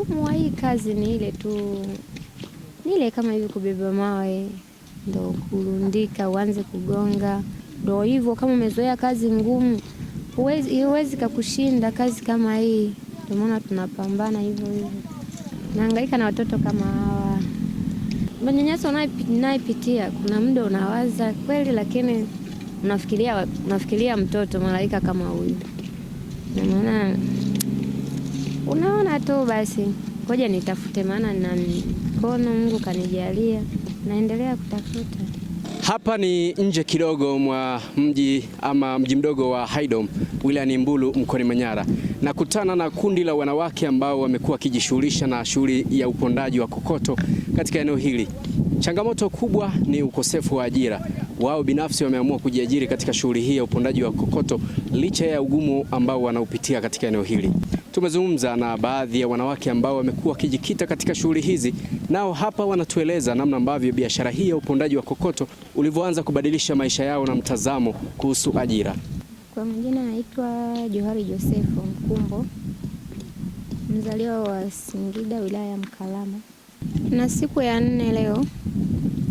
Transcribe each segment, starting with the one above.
ugumu wa hii kazi ni ile tu, ni ile kama hivi kubeba mawe ndo kurundika, uanze kugonga, ndo hivyo. Kama umezoea kazi ngumu, huwezi kakushinda kazi kama hii. Ndio maana tunapambana hivyo hivyo, naangaika na watoto kama hawa. Manyanyaso nayepitia, kuna muda unawaza kweli, lakini unafikiria, unafikiria mtoto malaika kama huyu, ndio maana nikaona tu basi, ngoja nitafute, maana na mkono Mungu kanijalia, naendelea kutafuta. Hapa ni nje kidogo mwa mji ama mji mdogo wa Haydom wilayani Mbulu mkoani Manyara. Nakutana na kundi la wanawake ambao wamekuwa wakijishughulisha na shughuli ya upondaji wa kokoto katika eneo hili. Changamoto kubwa ni ukosefu wa ajira wao binafsi wameamua kujiajiri katika shughuli hii ya upondaji wa kokoto licha ya ugumu ambao wanaupitia katika eneo hili. Tumezungumza na baadhi ya wanawake ambao wamekuwa wakijikita katika shughuli hizi, nao hapa wanatueleza namna ambavyo biashara hii ya upondaji wa kokoto ulivyoanza kubadilisha maisha yao na mtazamo kuhusu ajira. Kwa majina anaitwa Johari Josefu Mkumbo, mzaliwa wa Singida, wilaya ya Mkalama, na siku ya nne leo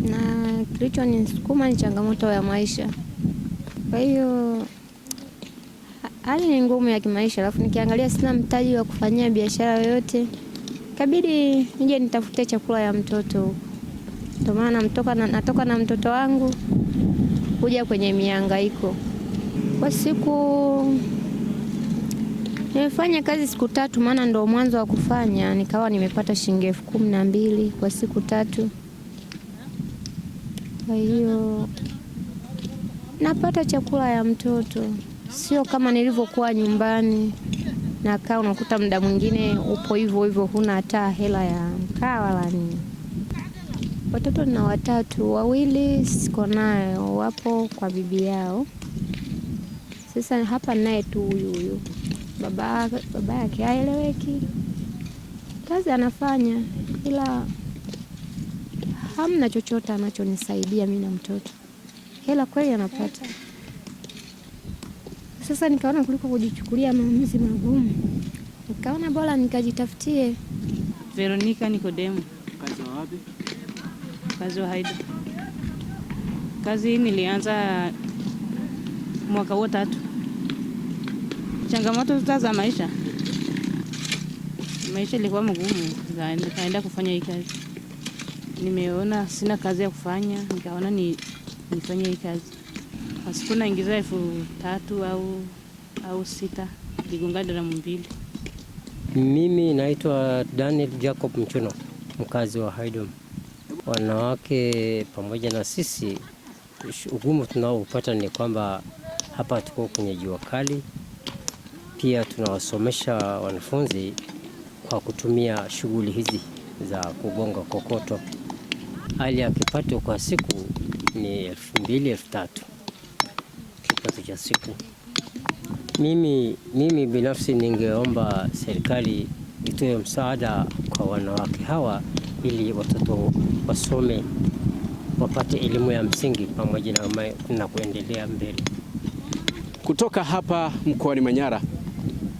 na kilichonisukuma ni changamoto ya maisha. Kwa hiyo hali ni ngumu ya kimaisha, alafu nikiangalia sina mtaji wa kufanyia biashara yoyote, kabidi nije nitafute chakula ya mtoto. Ndio maana natoka na, natoka na mtoto wangu kuja kwenye mihangaiko. Kwa siku nimefanya kazi siku tatu, maana ndo mwanzo wa kufanya, nikawa nimepata shilingi elfu kumi na mbili kwa siku tatu. Kwa hiyo napata chakula ya mtoto, sio kama nilivyokuwa nyumbani nakaa, unakuta muda mwingine upo hivyo hivyo, huna hata hela ya mkaa wala nini. Watoto na watatu, wawili siko nayo, wapo kwa bibi yao. Sasa hapa naye tu huyu huyu, baba baba yake haeleweki, kazi anafanya ila hamna chochote anachonisaidia mimi na mtoto, hela kweli anapata. Sasa nikaona kuliko kujichukulia maamuzi magumu, nikaona bora nikajitafutie. Veronika Nikodemu, kazi wa wapi? Kazi wa Haida. Kazi hii nilianza mwaka huo tatu. Changamoto zote za maisha, maisha ilikuwa mgumu, nikaenda kufanya hii kazi nimeona sina kazi ya kufanya, nikaona ni, nifanye hii kazi. Pasipo naingiza elfu tatu au, au sita jigonga daramu mbili. Mimi naitwa Daniel Jacob Mchuno, mkazi wa Haidom. Wanawake pamoja na sisi, ugumu tunaoupata ni kwamba hapa tuko kwenye jua kali, pia tunawasomesha wanafunzi kwa kutumia shughuli hizi za kugonga kokoto hali ya kipato kwa siku ni elfu mbili elfu tatu kipato cha siku. Mimi, mimi binafsi ningeomba serikali itoe msaada kwa wanawake hawa ili watoto wasome wapate elimu ya msingi pamoja na kuendelea mbele. Kutoka hapa mkoani Manyara,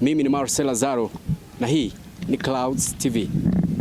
mimi ni Marcel Lazaro na hii ni Clouds TV.